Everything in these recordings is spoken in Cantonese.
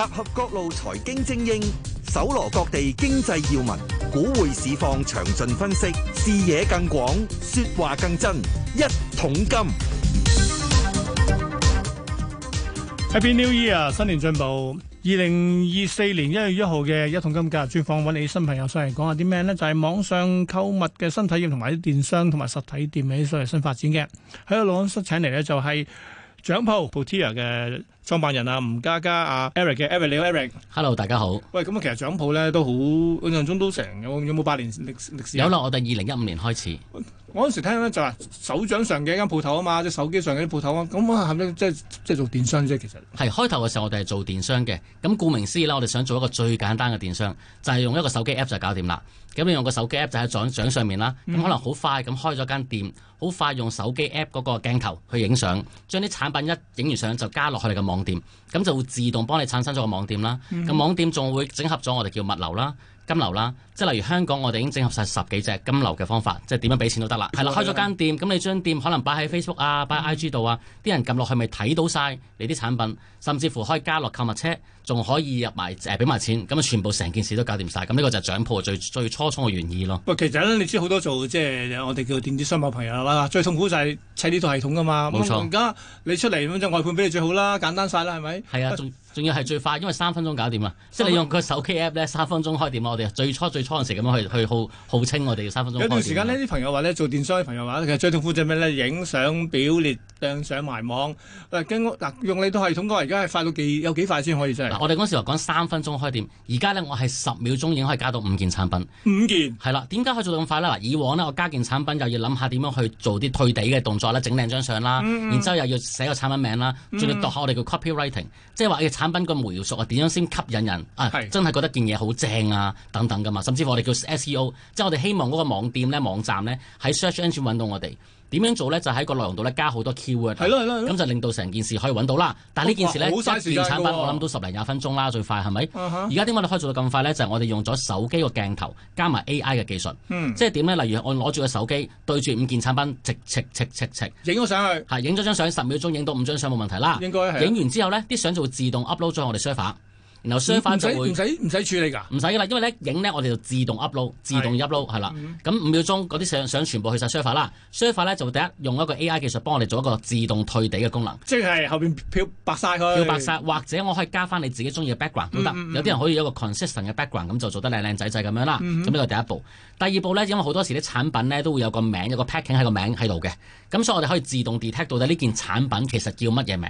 集合各路財經精英，搜羅各地經濟要聞，股匯市況詳盡分析，視野更廣，說話更真。一桶金，Happy New Year，新年進步。二零二四年一月一號嘅一桶金今日專訪，揾你新朋友上嚟講下啲咩呢就係、是、網上購物嘅新體驗，同埋啲電商同埋實體店喺上嚟新發展嘅。喺度朗室請嚟呢就係掌鋪 Boutir 嘅。創辦人啊，吳家家啊，Eric 嘅 Eric，你好 Eric，Hello，大家好。喂，咁其實掌鋪咧都好，印象中都成有冇八年歷歷史？有啦，我哋二零一五年開始。我嗰陣時聽咧就話、是，手掌上嘅一間鋪頭啊嘛，即係手機上嘅啲鋪頭啊，咁、嗯、啊，係咪、嗯、即係即係做電商啫？其實係開頭嘅時候，我哋係做電商嘅。咁顧名思義啦，我哋想做一個最簡單嘅電商，就係、是、用一個手機 app 就搞掂啦。咁你用個手機 app 就喺掌掌上面啦。咁可能好快咁開咗間店，好快用手機 app 嗰個鏡頭去影相，將啲產品一影完相就加落去你嘅網。店咁就會自動幫你產生咗個網店啦。咁網店仲會整合咗我哋叫物流啦、金流啦。即係例如香港，我哋已經整合晒十幾隻金流嘅方法，嗯、即係點樣俾錢都得啦。係、嗯、啦，開咗間店，咁、嗯、你將店可能擺喺 Facebook 啊、擺喺 IG 度啊，啲、嗯、人撳落去咪睇到晒你啲產品，甚至乎可以加落購物車。仲可以入埋誒俾埋錢，咁啊全部成件事都搞掂晒。咁呢個就係掌鋪最最初衷嘅原意咯。喂，其實咧，你知好多做即係我哋叫電子商務朋友啦，最痛苦就係砌呢套系統噶嘛。冇錯，而家你出嚟咁就外判俾你最好啦，簡單晒啦，係咪？係啊，仲仲要係最快，因為三分鐘搞掂啊！分即係你用個手機 app 咧，三分鐘開店。我哋最初最初嗰陣時咁樣去去號號稱我哋三分鐘開。有段時間呢，啲朋友話咧，做電商嘅朋友話咧，其實最痛苦就係咩咧？影相表列。上上埋網，嗱經嗱用你套系統講，而家係快到幾有幾快先可以啫？嗱、啊，我哋嗰時話講三分鐘開店，而家咧我係十秒鐘已經可以加到五件產品，五件係啦。點解可以做到咁快咧？嗱，以往呢，我加件產品又要諗下點樣去做啲退地嘅動作啦，整靚張相啦，嗯、然之後又要寫個產品名啦，仲要讀下我哋嘅 copywriting，即係話你嘅產品個描述啊，點樣先吸引人啊？是真係覺得件嘢好正啊，等等噶嘛。甚至乎我哋叫 SEO，即係我哋希望嗰個網店咧、網站咧喺 search engine 揾到我哋。點樣做咧？就喺個內容度咧加好多 key word，係囉，係囉，咁就令到成件事可以揾到啦。但係呢件事咧，一件產品我諗都十零廿分鐘啦，最快係咪？而家點解你可以做到咁快咧？就係我哋用咗手機個鏡頭加埋 AI 嘅技術，即係點咧？例如我攞住個手機對住五件產品，直直直直直影咗上去，係影咗張相，十秒鐘影到五張相冇問題啦。應該係影完之後咧，啲相就會自動 upload 咗喺我哋 server。然後 surface 就會唔使唔使唔使處理㗎，唔使啦，因為咧影咧我哋就自動 upload 自動 upload 係啦，咁五秒鐘嗰啲相想全部去晒 surface 啦 surface 咧就第一用一個 AI 技術幫我哋做一個自動退地嘅功能，即係後邊漂白晒佢漂白晒，或者我可以加翻你自己中意嘅 background 都得，有啲人可以有個 consistent 嘅 background 咁就做得靚靚仔仔咁樣啦，咁呢個第一步。第二步咧，因為好多時啲產品咧都會有個名有個 packing 喺個名喺度嘅，咁所以我哋可以自動 detect 到底呢件產品其實叫乜嘢名。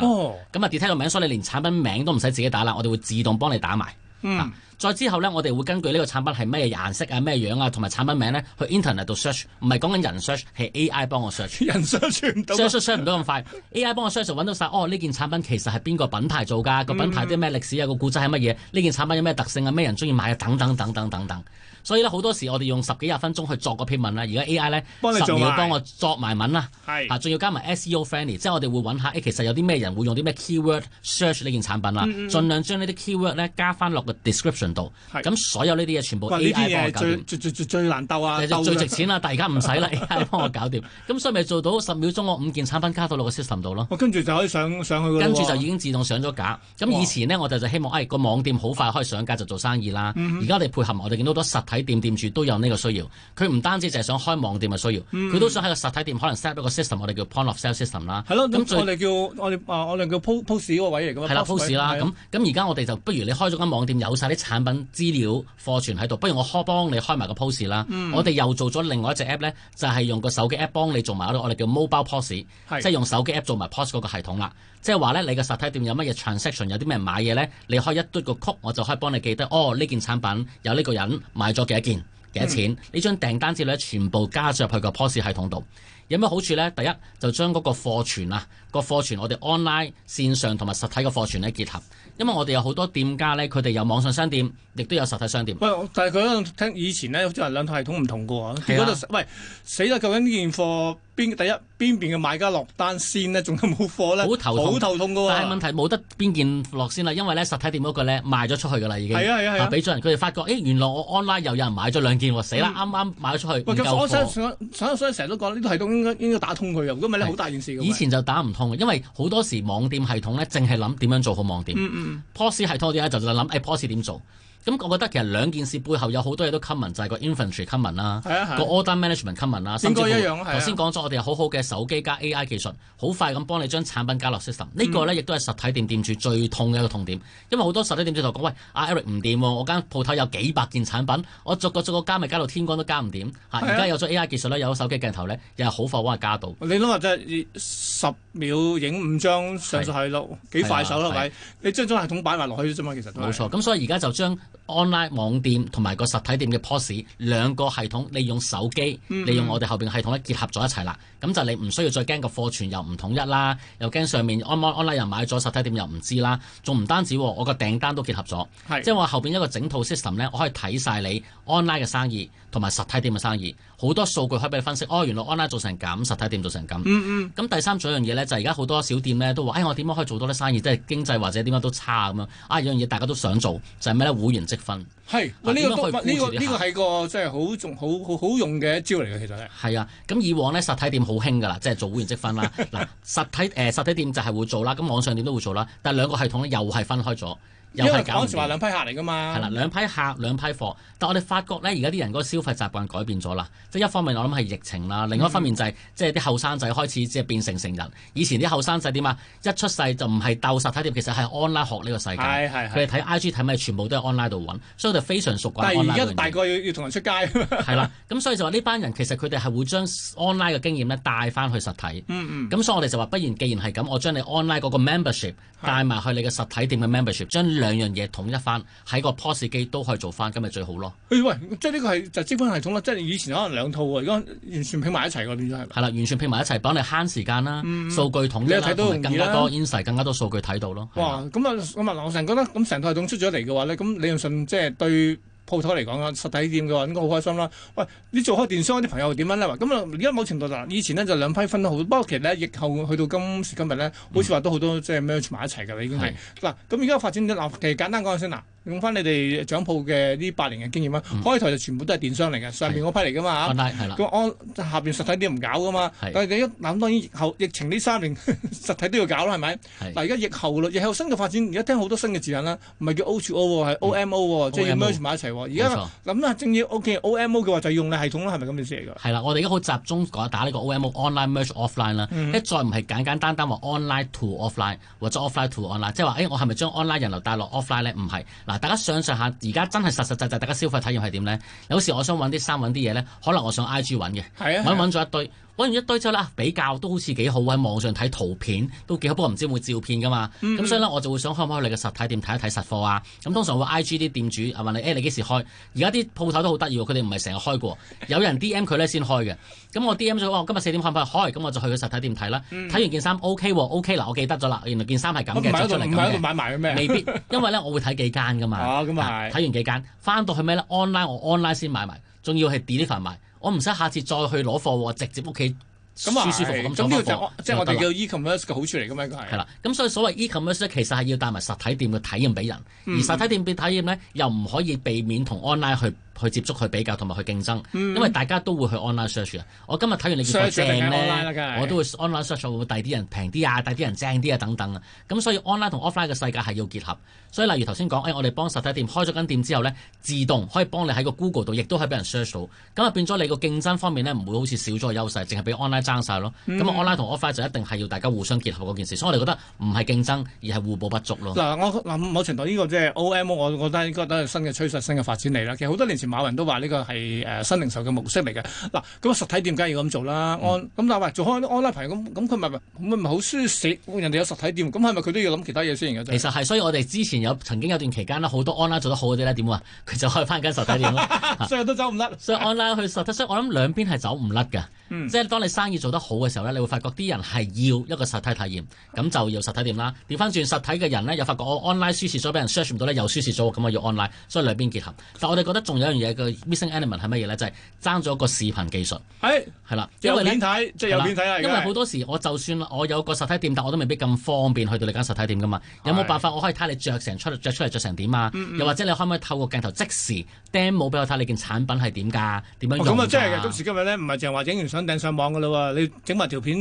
哦。咁啊 detect 個名，所以你連產品名都唔使自己打啦，會自動幫你打埋、嗯啊，再之後咧，我哋會根據呢個產品係咩顏色啊、咩樣啊，同埋產品名咧，去 Internet 度 search，唔係講緊人 search，係 AI 幫我 search， 人 search 唔到，search 唔到咁快，AI 幫我 search 揾到晒，哦呢件產品其實係邊個品牌做噶，嗯、個品牌啲咩歷史啊，個故仔係乜嘢，呢件產品有咩特性啊，咩人中意買啊，等等等等等等。等等等等等等所以咧好多時我哋用十幾廿分鐘去作個篇文啦，而家 A.I. 咧十秒幫我作埋文啦，嚇仲要加埋 S.E.O. friendly，即係我哋會揾下，誒其實有啲咩人會用啲咩 keyword search 呢件產品啦，盡量將呢啲 keyword 咧加翻落個 description 度。咁所有呢啲嘢全部 A.I. 幫我搞掂。最難鬥啊，最值錢啦，但而家唔使啦，A.I. 幫我搞掂。咁所以咪做到十秒鐘我五件產品加到六個 system 度咯。跟住就可以上上去。跟住就已經自動上咗架。咁以前呢，我哋就希望誒個網店好快可以上架就做生意啦。而家我哋配合，我哋見到好多實體。喺店店住都有呢個需要。佢唔單止淨係想開網店嘅需要，佢都想喺個實體店可能 set 一個 system，我哋叫 point of sale system 啦。係咯，咁我哋叫我哋話我哋叫 po pos 呢個位嚟㗎。係啦，pos t 啦，咁咁而家我哋就不如你開咗間網店，有晒啲產品資料貨存喺度，不如我開幫你開埋個 pos t 啦。我哋又做咗另外一隻 app 咧，就係用個手機 app 幫你做埋我哋叫 mobile pos，t 即係用手機 app 做埋 pos 嗰個系統啦。即係話咧，你個實體店有乜嘢 transaction，有啲咩人買嘢呢？你可以一嘟個 code，我就可以幫你記得。哦，呢件產品有呢個人買咗幾多件，幾多錢？嗯、你張訂單紙咧，全部加咗入去個 POS t、er、系統度。有咩好處呢？第一就將嗰個貨存啊，那個貨存、那個、我哋 online 線上同埋實體嘅貨存咧結合。因為我哋有好多店家呢，佢哋有網上商店，亦都有實體商店。但係佢喺度聽以前呢，好似話兩套系統唔同嘅喎。喺度、啊、死啦！究竟呢件貨？邊第一邊邊嘅買家落單先咧，仲有冇貨咧？好頭痛，好頭痛噶、啊。但係問題冇得邊件落先啦，因為咧實體店嗰個咧賣咗出去噶啦，已經係啊係啊係。俾咗、啊、人，佢哋發覺，誒，原來我 online 又有人買咗兩件喎，死啦！啱啱賣咗出去唔夠貨。我所，所以成日都講呢個系統應該應該打通佢啊，如果唔係好大件事噶。是以前就打唔通嘅，因為好多時網店系統咧，淨係諗點樣做好網店。嗯嗯 pos 係拖啲咧，就就諗誒 pos 點做。咁我覺得其實兩件事背後有好多嘢都 common，就係個 infantry common 啦，個 order management common 啦，甚至乎頭先講咗，我哋好好嘅手機加 AI 技術，好快咁幫你將產品加落 system。呢個咧亦都係實體店店主最痛嘅一個痛點，因為好多實體店店主講，喂，阿 Eric 唔掂喎，我間鋪頭有幾百件產品，我逐個逐個加咪加到天光都加唔掂。而家有咗 AI 技術咧，有咗手機鏡頭咧，又係好快可以加到。你諗下，即係十秒影五張相上去係幾快手啦，咪你將張系統擺埋落去啫嘛，其實冇錯。咁所以而家就將 online 網店同埋個實體店嘅 pos 兩個系統利用手機，mm hmm. 利用我哋後邊系統咧結合咗一齊啦。咁就你唔需要再驚個貨存又唔統一啦，又驚上面 online on online 又買咗實體店又唔知啦。仲唔單止，我個訂單都結合咗，即係話後邊一個整套 system 咧，我可以睇晒你 online 嘅生意同埋實體店嘅生意，好多數據可以俾你分析。哦，原來 online 做成咁，實體店做成咁。嗯咁、mm hmm. 第三組樣嘢咧，就係而家好多小店咧都話，哎，我點樣可以做多啲生意？即係經濟或者點樣都差咁樣。啊，有樣嘢大家都想做就係咩咧？會員積分係，呢是、啊這個呢、這個呢、這個係個即係好仲好好好用嘅一招嚟嘅，其實係。係啊，咁、嗯、以往咧實體店好興㗎啦，就是、即係做會員積分啦。嗱， 實體誒、呃、實體店就係會做啦，咁網上店都會做啦，但係兩個系統咧又係分開咗。因為嗰陣時話兩批客嚟噶嘛，係啦，兩批客兩批貨，但我哋發覺咧，而家啲人嗰個消費習慣改變咗啦。即係一方面我諗係疫情啦，嗯嗯，另一方面就係、係、即係啲後生仔開始即係變成成人。以前啲後生仔點啊？一出世就唔係鬥實體店，其實係 online 學呢個世界。佢哋睇 IG 睇咩，全部都喺 online 度揾，所以佢哋非常熟慣。但係而家大概要同人出街。係 啦，咁所以就話呢班人其實佢哋係會將 online 嘅經驗咧帶翻去實體。咁、嗯嗯、所以我哋就話，不然既然係咁，我將你 online 嗰個 membership 的帶埋去你嘅實體店嘅 membership，將的兩樣嘢統一翻喺個 pos 機都可以做翻，咁咪最好咯。喂，即係呢個係就積分系統啦，即係以前可能兩套啊，而家完全拼埋一齊噶，變咗係。係啦，完全拼埋一齊，幫你慳時間啦，嗯、數據統一啦，到都啊、更加多 insight 更加多數據睇到咯。哇！咁啊，咁啊，梁生覺得咁成套系統出咗嚟嘅話咧，咁你潤信即係對。鋪頭嚟講啦，實體店嘅話應該好開心啦。喂，你做開電商啲朋友點樣咧？咁啊，而家某程度啦。以前呢，就兩批分得好，不過其實呢，疫後去到今時今日呢，好似話都好多即係 match 埋一齊㗎啦，已經係嗱。咁而家發展啲嗱，其實簡單講先嗱，用翻你哋掌鋪嘅呢八年嘅經驗啦。開台就全部都係電商嚟嘅，上面嗰批嚟㗎嘛。咁我下邊實體店唔搞㗎嘛。但係你一諗，當然疫後疫情呢三年實體都要搞啦，係咪？嗱而家疫後咯，疫後新嘅發展，而家聽好多新嘅字眼啦，唔係叫 O2O 係 OMO，即係要 match 埋一齊。而家咁啊，正要 O.K.O.M.O.、OK, 嘅話就用你系統啦，係咪咁意思嚟㗎？係啦，我哋而家好集中講打呢個 O.M.O. online merge offline 啦、嗯，一再唔係簡簡單單話 online to offline，或者 offline to online，即係話誒，我係咪將 online 人流帶落 offline 咧？唔係，嗱，大家想像下，而家真係實實際際，大家消費體驗係點咧？有時我想揾啲衫揾啲嘢咧，可能我想 I.G. 揾嘅，揾揾咗一堆。揾完一堆之後啦，比較都好似幾好，喺網上睇圖片都幾好，不過唔知有冇照片噶嘛。咁、嗯、哼所以咧，我就會想可唔可以去你嘅個實體店睇一睇實貨啊？咁通常我 I G 啲店主係問、啊、你：誒、欸，你幾時開？而家啲鋪頭都好得意喎，佢哋唔係成日開過，有人 D M 佢咧先開嘅。咁我 D M 咗，我、哦、今日四點可唔可以開？咁我就去個實體店睇啦。睇、嗯嗯、完件衫 OK 喎，OK 嗱，我記得咗啦。原來件衫係咁嘅，出嚟係咁嘅。唔買埋咩？未必，因為咧我會睇幾間噶嘛。咁睇、哦啊、完幾間，翻到去咩咧？online 我 online 先買埋，仲要係 delivery 我唔使下次再去攞貨喎，直接屋企咁舒舒服服咁攞，呢個即係我哋叫 e-commerce 嘅好處嚟㗎嘛，應該係。係啦，咁所以所謂 e-commerce 咧，其實係要帶埋實體店去體驗俾人，嗯、而實體店嘅體驗咧，又唔可以避免同 online 去。去接觸、去比較同埋去競爭，因為大家都會去 online search 啊、嗯。我今日睇完你件貨我都會 online search 會唔會第啲人平啲啊，第啲人正啲啊等等啊。咁、嗯、所以 online 同 offline 嘅世界係要結合。所以例如頭先講，我哋幫實體店開咗間店之後呢，自動可以幫你喺個 Google 度亦都係俾人 search 到，咁啊變咗你個競爭方面呢，唔會好似少咗個優勢，淨係俾 online 爭晒咯。咁 online 同 offline 就一定係要大家互相結合嗰件事。所以我哋覺得唔係競爭而係互補不足咯。某程度呢、這個即係 O M，我覺得應該都係新嘅趨勢、新嘅發展嚟啦。其實好多年馬雲都話呢個係誒新零售嘅模式嚟嘅。嗱，咁實體店梗係要咁做啦，安咁、嗯、但係做開安拉 n l 咁，咁佢咪咪咪好輸蝕？人哋有實體店，咁係咪佢都要諗其他嘢先？其實係，所以我哋之前有曾經有段期間咧，好多安拉做得好嗰啲咧，點啊，佢就開返間實體店咯， 所以都走唔甩，上 online 去實體，室，我諗兩邊係走唔甩嘅。嗯、即係當你生意做得好嘅時候咧，你會發覺啲人係要一個實體體驗，咁就要實體店啦。調翻轉實體嘅人咧，又發覺我 online 輸蝕咗俾人 search 唔到咧，又輸蝕咗，咁我要 online，所以兩邊結合。但我哋覺得仲有一樣嘢嘅 missing element 係乜嘢咧？就係爭咗個視頻技術。係、欸，係啦，因為你睇即係有邊睇啊？吧因為好多時我就算我有個實體店，但我都未必咁方便去到你間實體店噶嘛。是有冇辦法我可以睇你着成出嚟，着出嚟，著成點啊？嗯嗯，又或者你可唔可以透過鏡頭即時 demo 俾我睇你件產品係點㗎？點、哦、樣用啊？咁啊係嘅，到時今日咧唔係淨係話整完。肯定上網嘅啦，你整埋條片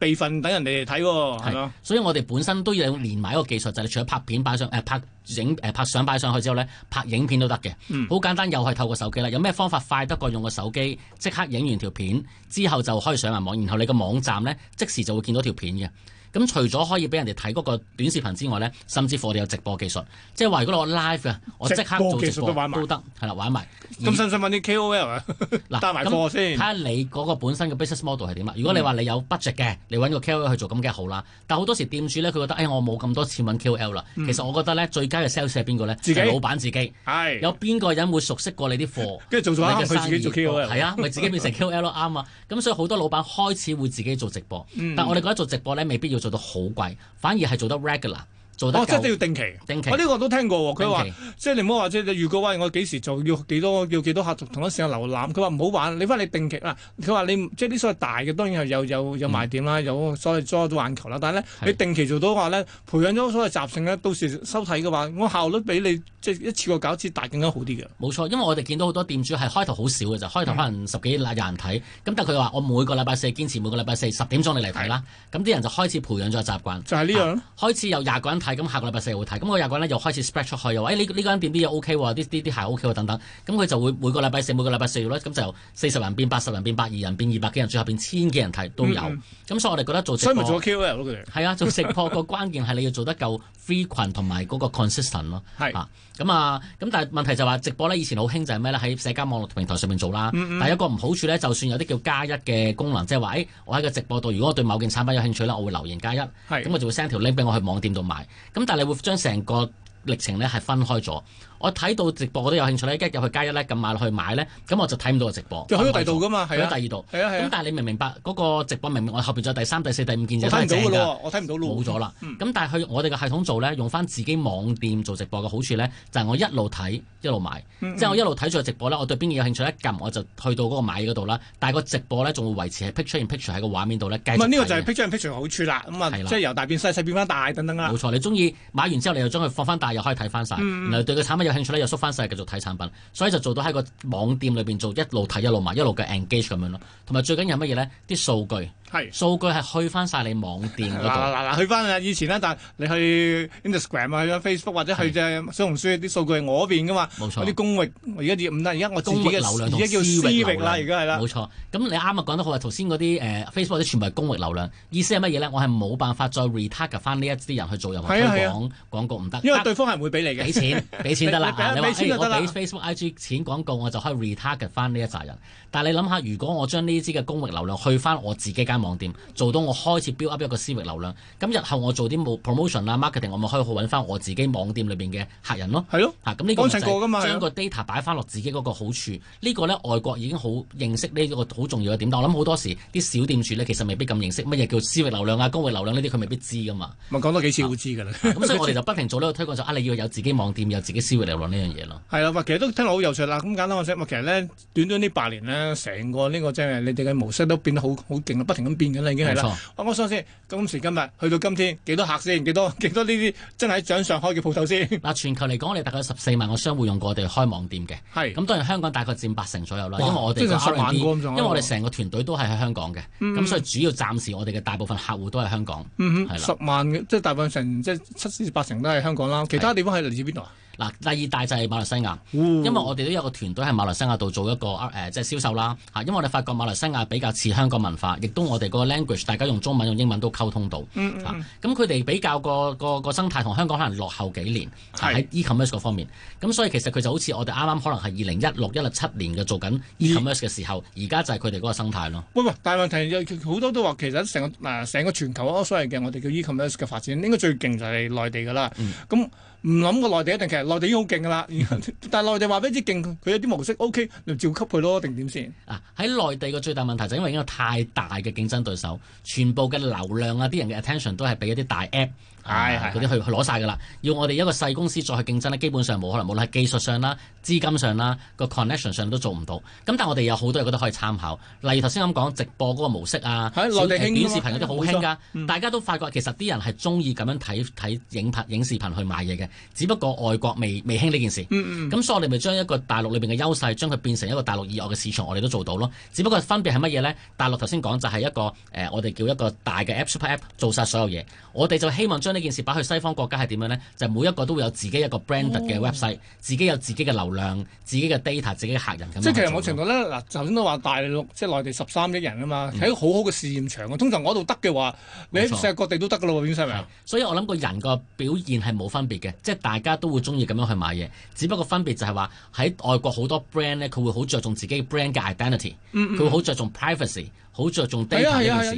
備份等人哋睇喎，係咯。所以我哋本身都有連埋一個技術，就係除咗拍片擺上，誒拍影誒拍相擺上去之後咧，拍影片都得嘅。嗯，好簡單，又係透過手機啦。有咩方法快得過用個手機即刻影完條片之後就可以上埋網，然後你個網站咧即時就會見到條片嘅。咁除咗可以俾人哋睇嗰個短視頻之外咧，甚至乎我哋有直播技術，即係話如果我 live 嘅，我即刻做直播都得，係啦，玩埋。咁想唔想揾啲 K O L 啊？嗱，帶埋貨先，睇下你嗰個本身嘅 business model 係點啊？如果你話你有 budget 嘅，你揾個 K O L 去做咁梗係好啦。但好多時店主咧佢覺得，哎，我冇咁多錢揾 K O L 啦。其實我覺得咧，最佳嘅 sales 係邊個咧？自己，老闆自己係。有邊個人會熟悉過你啲貨？跟住做做下佢自己做 K O L，係啊，咪自己變成 K O L 啱啊？咁所以好多老闆開始會自己做直播，但我哋覺得做直播咧，未必要做。做得好貴，反而係做得 regular。做得哦，即係都要定期。定期。我呢個都聽過喎、哦，佢話期即係你唔好話，即係如果話我幾時做，要幾多要幾多客同一時間瀏覽，佢話唔好玩。你翻嚟定期啦，佢話你即係啲所謂大嘅當然係有有有賣點啦，嗯、有所謂抓到眼球啦。但係咧是你定期做到嘅話咧，培養咗所謂習性咧，到時收睇嘅話，我效率比你即係一次過搞一次大更加好啲嘅。冇錯，因為我哋見到好多店主係開頭好少嘅就，開頭可能十幾人有人睇，咁、嗯、但佢話我每個禮拜四堅持，每個禮拜四十點鐘你嚟睇啦，咁啲是人就開始培養咗習慣。就係呢樣、啊，開始有廿個人睇係咁，下個禮拜四會睇，咁我廿個咧又開始 spread 出去，又話，誒呢呢間店啲嘢 O K 喎，啲啲鞋 O K 喎，等等。咁佢就會每個禮拜四，每個禮拜四咁就四十人變八十人，人，人，變百二人變二百幾人，最後變千幾人睇都有。咁、嗯嗯、所以我哋覺得做直播，所以咪做 Q 咧？係啊，做直播個關鍵係你要做得夠 frequent 同埋嗰個 consistent 咯，啊。咁啊，咁、嗯、但係問題就話直播咧，以前好興就係咩咧？喺社交網絡平台上面做啦，嗯嗯，但係一個唔好處咧，就算有啲叫加一嘅功能，即係話誒，我喺個直播度，如果我對某件產品有興趣咧，我會留言加一，咁是我就會 send 條 link 俾我去網店度買。咁但係你會將成個歷程咧係分開咗。我睇到直播我都有興趣咧，一入去加一咧，撳埋落去買咧，咁我就睇唔到個直播。就去到第二度噶嘛，喺第二度。係啊係啊。咁但係你明唔明白嗰個直播？明明？我後邊仲有第三、第四、第五件嘢睇唔到㗎咯，我睇唔到咯。冇咗啦。咁但係去我哋嘅系統做咧，用翻自己網店做直播嘅好處咧，就係我一路睇一路買，即係我一路睇住個直播咧，我對邊件有興趣一撳我就去到嗰個買嗰度啦。但係個直播咧仲會維持喺 picture in picture 喺個畫面度咧繼續睇。唔係呢個就係 picture in picture 好處啦。咁啊，即係由大變細，細變翻大等等啦。冇錯，你中意買完之後，你又將佢放翻大，又可以睇翻晒對個產品。有興趣咧，又縮翻細繼續睇產品，所以就做到喺個網店裏邊做一路睇一路買一路嘅 engage 咁樣咯。同埋最緊要係乜嘢咧？啲數據。係，是數據係去翻晒你網店嗰度。嗱嗱，啊啊啊，去翻以前咧，但你去 Instagram 啊、Facebook 或者去隻小紅書啲數據係我嗰邊噶嘛？冇錯，啲公域。我而家唔得，而家我自己嘅流，流量，而家叫私域啦，而家係啦。冇錯。咁你啱啱講得好啊！頭先嗰啲誒 Facebook 全部係公域流量，意思係乜嘢咧？我係冇辦法再 retarget 翻呢一啲人去做任何宣廣，啊啊，廣告唔得。因為對方係唔會俾你嘅。俾錢，俾錢得啦。 你俾說錢就得啦。欸，我俾 Facebook IG 錢廣告，我就可以 retarget 翻呢一紮人。但係你諗下，如果我將呢啲嘅公域流量去翻我自己網店做到我開始 build up 一個私域流量，咁、嗯、日後我做啲 promotion、啊、marketing，我咪可以好揾翻我自己網店裏邊嘅客人咯。係咯的，吓咁呢個嘛，將個 data 擺翻落自己嗰個好處。個呢個咧的外國已經好認識呢個好重要嘅點。但我諗好多時啲小店主咧，其實未必咁認識乜嘢叫私域流量啊、公域流量呢啲，佢未必知噶嘛。咪講多幾次好、啊、知噶啦。咁、 啊嗯、所以我哋就不停做呢個推廣就啊，你要有自己網店，有自己私域流量呢樣嘢咯。係啦，其實都聽落好有趣啦。咁簡單我寫，其實咧短短呢八年呢，成個呢個即係你哋嘅模式都變得好好勁不停。咁變嘅啦，已經係啦。我想知先，今時今日去到今天，幾多客先？幾多幾多呢啲真係喺掌上開嘅鋪頭先？嗱，全球嚟講，你大概十四萬個商戶用過我哋開網店嘅。係是。咁當然香港大概佔八成左右啦，哇因為我哋、啊、因為我哋成個團隊都係喺香港嘅，咁、嗯、所以主要暫時我哋嘅大部分客戶都係香港。嗯哼，了十萬嘅，即係大部分成即係七八成都係香港啦。其他地方係嚟自邊度啊？是嗱，第二大就係馬來西亞，因為我哋都有個團隊喺馬來西亞度做一個誒、呃，即係銷售啦。嚇，因為我哋發覺馬來西亞比較似香港文化，亦都我哋個 language，大家用中文、用英文都溝通到。咁佢哋比較個個個生態同香港可能落後幾年，喺、啊、e-commerce 嗰方面。咁、啊、所以其實佢就好似我哋啱啱可能係二零一六、一六七年嘅做緊 e-commerce 嘅時候，而家、嗯、就係佢哋嗰個生態咯。喂，喂，但係問題好多都話，其實成個嗱成個全球所謂嘅我哋叫 e-commerce 嘅發展，應該最勁就係內地㗎啦。咁、嗯。唔諗個內地一定，其實內地已經好勁噶啦， 但係內地話俾你知勁，佢有啲模式 OK，你就照給佢咯，定點先？啊，喺內地個最大問題就因為已經有太大嘅競爭對手，全部嘅流量啊，啲人嘅 attention 都係俾一啲大 app。係係嗰啲去去攞晒噶啦，是是是要我哋一個細公司再去競爭咧，基本上冇可能，無論係技術上啦、資金上啦、個 connection 上都做唔到。咁但係我哋有好多嘢覺得可以參考，例如頭先咁講直播嗰個模式啊，小、呃、短視頻嗰啲好興噶，大家都發覺其實啲人係中意咁樣睇睇影拍影視頻去買嘢嘅，只不過外國未未興呢件事。嗯咁、嗯、所以我哋咪將一個大陸裏邊嘅優勢，將佢變成一個大陸以外嘅市場，我哋都做到咯。只不過分別係乜嘢咧？大陸頭先講就係一個誒、呃，我哋叫一個大嘅 app super app，做晒所有嘢。我哋就希望將呢件事擺去西方國家係點樣咧？就係、每一個都會有自己一個 brand 嘅 website，oh. 自己有自己嘅流量、自己嘅 data、自己嘅客人咁。即係其實某程度咧，嗱，頭先都話大陸即係、就係、內地十三億人啊嘛，喺、嗯、好好嘅試驗場。通常我度得嘅話，你喺世界各地都得噶啦喎，所以我諗個人個表現係冇分別嘅，即係大家都會中意咁樣去買嘢，只不過分別就係話喺外國好多 brand 咧，佢會好着重自己嘅 brand 嘅 identity，佢、嗯嗯、會好着重 privacy。好着重 data 呢件事，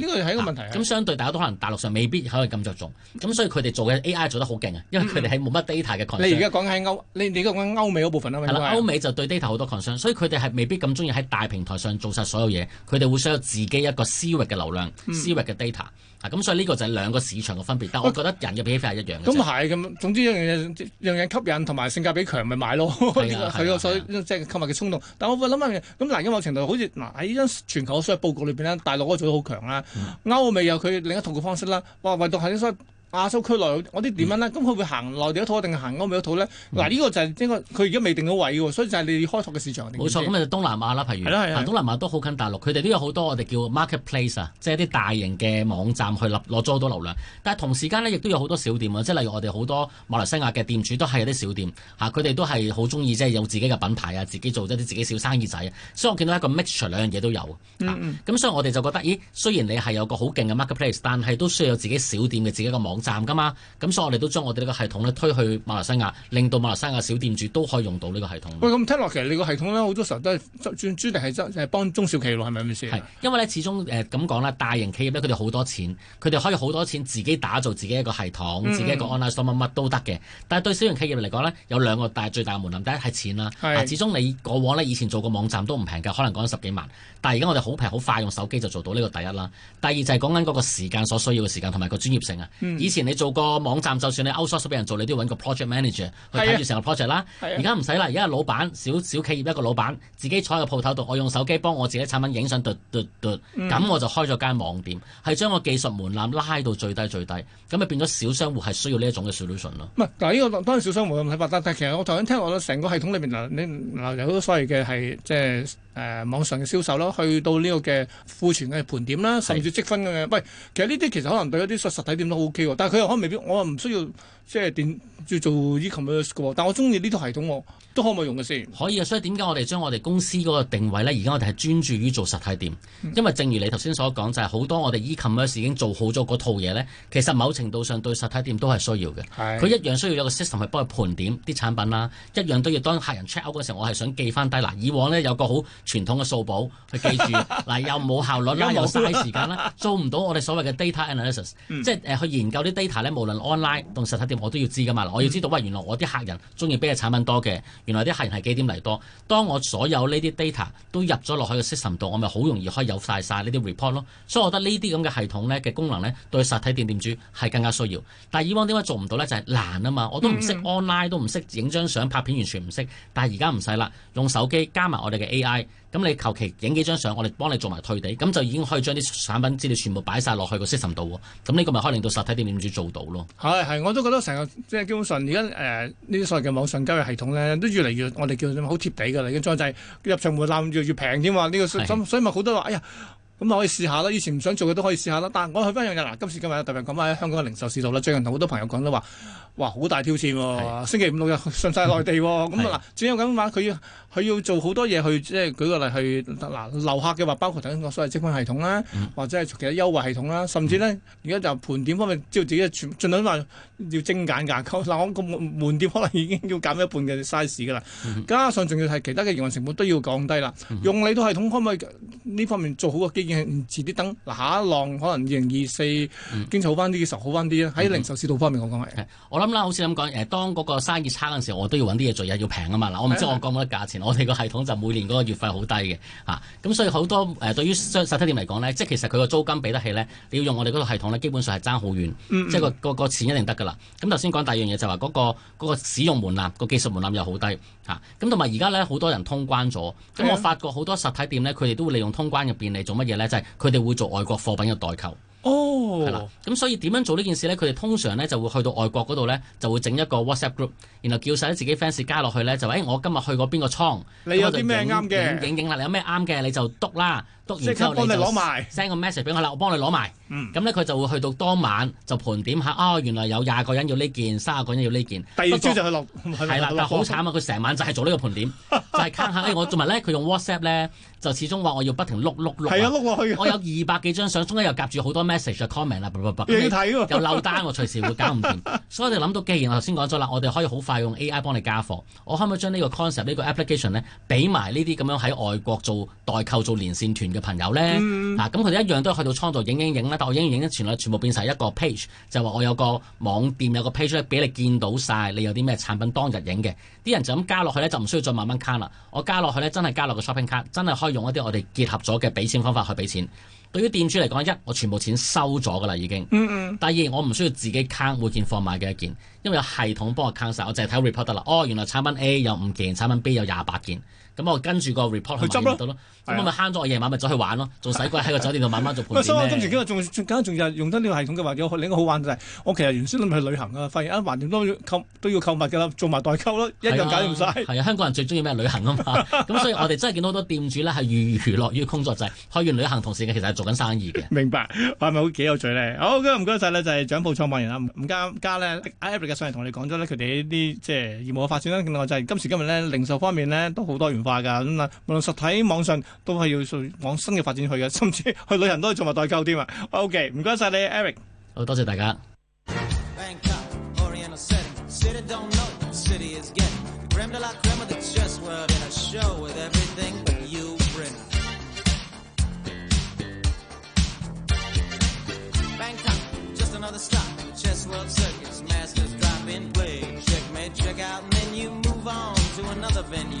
咁相對大家都可能大陸上未必可以咁着重，咁所以佢哋做嘅 AI 做得好勁啊，因為佢哋係冇乜 data 嘅。你而家講緊歐，你你而家講歐美嗰部分啊？係歐美就對 data 好多 concern，所以佢哋係未必咁中意喺大平台上做晒所有嘢，佢哋會需要自己一個私域嘅流量、私域嘅 data 咁，所以呢個就係兩個市場嘅分別。但我覺得人嘅比較係一樣。咁係咁，總之一樣吸引同埋性價比強咪買咯，係啊，所以即係購物嘅衝動。但我會諗下，咁嗱，有某程度好似嗱喺呢張全球嘅商業報告裏邊大陸嗰個做得好強啦、啊，嗯、歐美有佢另一套嘅方式啦、啊。哇，唯獨係呢，所亞洲區內，我啲點樣呢？咁佢、嗯、會行內地一套定行歐美一套咧？嗱、嗯，呢、啊呢個就係、是、應該佢而家未定到位喎，所以就係你開拓嘅市場。冇錯，咁就東南亞啦，譬如東南亞都好近大陸，佢哋都有好多我哋叫 marketplace 啊，即係啲大型嘅網站去攞攞咗好多流量。但係同時間咧，亦都有好多小店啊，即係例如我哋好多馬來西亞嘅店主都係啲小店，佢哋都係好中意即係有自己嘅品牌啊，自己做一啲自己，自己小生意仔。所以我見到一個 mixture，兩樣嘢都有、嗯、啊。咁所以我哋就覺得，咦，雖然你係有個好勁嘅 marketplace，但係都需要有自己小店嘅自己嘅網。站噶嘛，咁所以我哋都將我哋呢個系統咧推去馬來西亞，令到馬來西亞小店主都可以用到呢個系統。喂，咁聽落其實你個系統咧，好多時候都係專專登係幫中小企業，係咪咁意思？係，因為咧始終誒咁講啦，大型企業咧佢哋好多錢，佢哋可以好多錢自己打造自己一個系統，自己一個 analysis 乜乜都得嘅。但係對小型企業嚟講咧，有兩個大最大嘅門檻，第一係錢啦，是始終你過往咧以前做個網站都唔平㗎，可能講緊十幾萬，但係而家我哋好平好快用手機就做到呢個第一啦。第二就係講緊嗰個時間所需要嘅時間同埋個專業性啊。嗯以前你做個網站，就算你 outsource 俾人做，你都要搵個 project manager 去睇住成個 project 啦的。而家唔使啦，而家係老闆，小小企業一個老闆自己坐喺個鋪頭度，我用手機幫我自己產品影相，嘟嘟嘟，咁我就開咗間網店，係將個技術門檻拉到最低最低，咁咪變咗小商戶係需要呢一種嘅 solution 咯。但係，呢個當然小商戶咁睇法，但係其實我頭先聽我成個系統裏邊嗱，你嗱有好多所謂嘅係即係。誒網上嘅銷售咯，去到呢個嘅庫存嘅盤點啦，甚至積分嘅喂，其實呢啲其實可能對一啲實實體店都 O K 喎，但係佢又可能未必，我唔需要即係點要做 E-commerce 嘅，bé, 但我中意呢套系統，我都可唔可以用嘅先？是可以啊，所以點解我哋將我哋公司嗰個定位呢？而家我哋係專注於做實體店，是因為正如你頭先所講，就係、是、好多我哋 E-commerce 已經做好咗嗰套嘢呢。其實某程度上對實體店都係需要嘅。佢是一樣需要有個 system 去幫佢盤點啲產品啦，一樣都要當客人 check out 嘅時候，我係想記翻低嗱。Now, 以往 now, 呢，有個好傳統嘅掃寶去記住，嗱又冇效率啦， 又嘥時間啦， 做唔到我哋所謂嘅 data analysis、嗯、即係誒、呃、去研究啲 data 咧，無論 online 同實體店我都要知噶嘛，我要知道喂、嗯，原來我啲客人中意邊嘅產品多嘅，原來啲客人係幾點嚟多，當我所有呢啲 data 都入咗落去嘅 system 度，我咪好容易可以有晒晒呢啲 report 咯，所以我覺得呢啲咁嘅系統咧嘅功能咧對實體店店主係更加需要。但係以往點解做唔到咧？就係、是、難啊嘛，我都唔識 online，都唔識影張相拍片，完全唔識。但係而家唔使啦，用手機加埋我哋嘅 AI。咁你求其影幾張相，我哋幫你做埋退地，咁就已經可以將啲產品資料全部擺晒落去個 system 度喎。咁呢個咪可以令到實體店點止做到咯。係係，我都覺得成個即係基本上而家誒呢啲所謂嘅網上交易系統咧，都越嚟越我哋叫做好貼地㗎啦。已經再就係入場門越住越平添話，呢、呢個所的所以咪好多話，哎呀～咁、嗯、可以試下啦，以前唔想做嘅都可以試下啦。但我去翻樣嘢啦，今時今日特別講翻喺香港嘅零售市道啦。最近好多朋友講都話，哇，好大挑戰喎、啊！星期五六日上晒內地喎、啊。咁啊嗱，正、嗯、有咁話，佢要佢要做好多嘢去，即係舉個例去嗱，留客嘅話，包括等我所謂積分系統啦，嗯、或者其他優惠系統啦，甚至呢，而家、嗯、就盤點方面，知道自己盡量話要精簡架構。咁嗱，我個門店可能已經要減一半嘅 size 噶啦，加上仲要係其他嘅營運成本都要降低啦。嗯嗯、用你都系統可唔可以呢方面做好個基？遲啲等，下一浪可能二零二四經濟好翻啲嘅時候好翻啲啊。喺、嗯、零售市道方面，我講係。我諗啦，好似咁講誒，當嗰個生意差嘅時候，我都要揾啲嘢做，又要平啊嘛嗱。我唔知我講冇得價錢。的我哋個系統就每年嗰個月費好低嘅嚇，咁、啊、所以好多誒、呃、對於實體店嚟講咧，即其實佢個租金俾得起咧，你要用我哋嗰套系統咧，基本上係爭好遠，嗯、即係、嗰個個、嗰個錢一定得㗎啦。咁頭先講第二樣嘢就話、是、嗰、嗰個嗰個嗰個使用門檻、嗰個技術門檻又好低嚇，咁同埋而家咧好多人通關咗，咁、啊、我發覺好多實體店咧，佢哋都會利用通關入便嚟做乜嘢就係佢哋會做外國貨品嘅代購，係啦、oh。咁所以點樣做呢件事咧？佢哋通常咧就會去到外國嗰度咧，就會整一個 WhatsApp group，然後叫晒啲自己 fans 加落去咧，就誒、欸、我今日去過邊個倉，你有啲咩啱嘅，影影啦，你有咩啱嘅你就督啦。即刻幫你攞埋，send 個 message 俾佢啦，我幫你攞埋。嗯，咁咧佢就會去到當晚就盤點下，啊，原來有廿個人要呢件，三十個人要呢件。第二朝就去錄，係啦，但好慘啊！佢成晚就係做呢個盤點，就係卡下。我仲埋咧，佢用 WhatsApp 咧，就始終話我要不停碌碌碌。係啊，碌落去。我有二百幾張相，中間又夾住好多 message 啊 comment 啦，啵又要睇喎，又漏單，我隨時會搞唔掂。所以我哋諗到既然我頭先講咗啦，我哋可以好快用 AI 幫你加貨。我可唔可以將呢個 concept 呢個 application 咧，俾埋呢啲咁樣喺外國做代購做連線團嘅？朋友咧，嗱咁佢哋一樣都係去到倉度影影影啦，但我影影影，影全全部變曬一個 page，就係話我有個網店有個 page 咧，俾你見到晒你有啲咩產品當日影嘅，啲人就咁加落去咧，就唔需要再慢慢 count 啦。我加落去咧，真係加落個 shopping card，真係可以用一啲我哋結合咗嘅俾錢方法去俾錢。對於店主嚟講，一我全部錢收咗㗎啦，已經了了。第二我唔需要自己 count 每件貨買嘅一件，因為有系統幫我 count 曬，我淨係睇 report 得啦。哦，原來產品 A 有五件，產品 B 有廿八件。咁、嗯、我跟住個 report 喺面度咯，咁、啊、我咪慳咗，我夜晚咪走去玩咯，仲使鬼喺個酒店度慢慢做盤點咧？咁啊， 所以今時今日仲最緊要仲就用得呢個系統嘅話，有另一個好玩就係，我其實原先諗住去旅行啊，發現啊，橫掂都購都要購物㗎啦，做埋代購咯，一樣搞掂晒。係啊，香港人最中意咩旅行啊嘛，咁 所以我哋真係見到好多店主咧係娛娛樂於 工作就制、是，去完旅行同時其實係做緊生意嘅。 明白，係咪好幾有趣咧？好，唔該晒咧，就係、是、掌寶創辦人啊，吳加家咧 Eric 上嚟同你哋講咗咧，佢哋呢啲即係業務嘅發展啦。另外就係今時今日咧，零售方面咧都好多話㗎咁啊，無論實體網上都係要往新嘅發展去嘅，甚至去旅行都係做埋代購添啊。O.K. 唔該晒你，Eric。好多謝大家。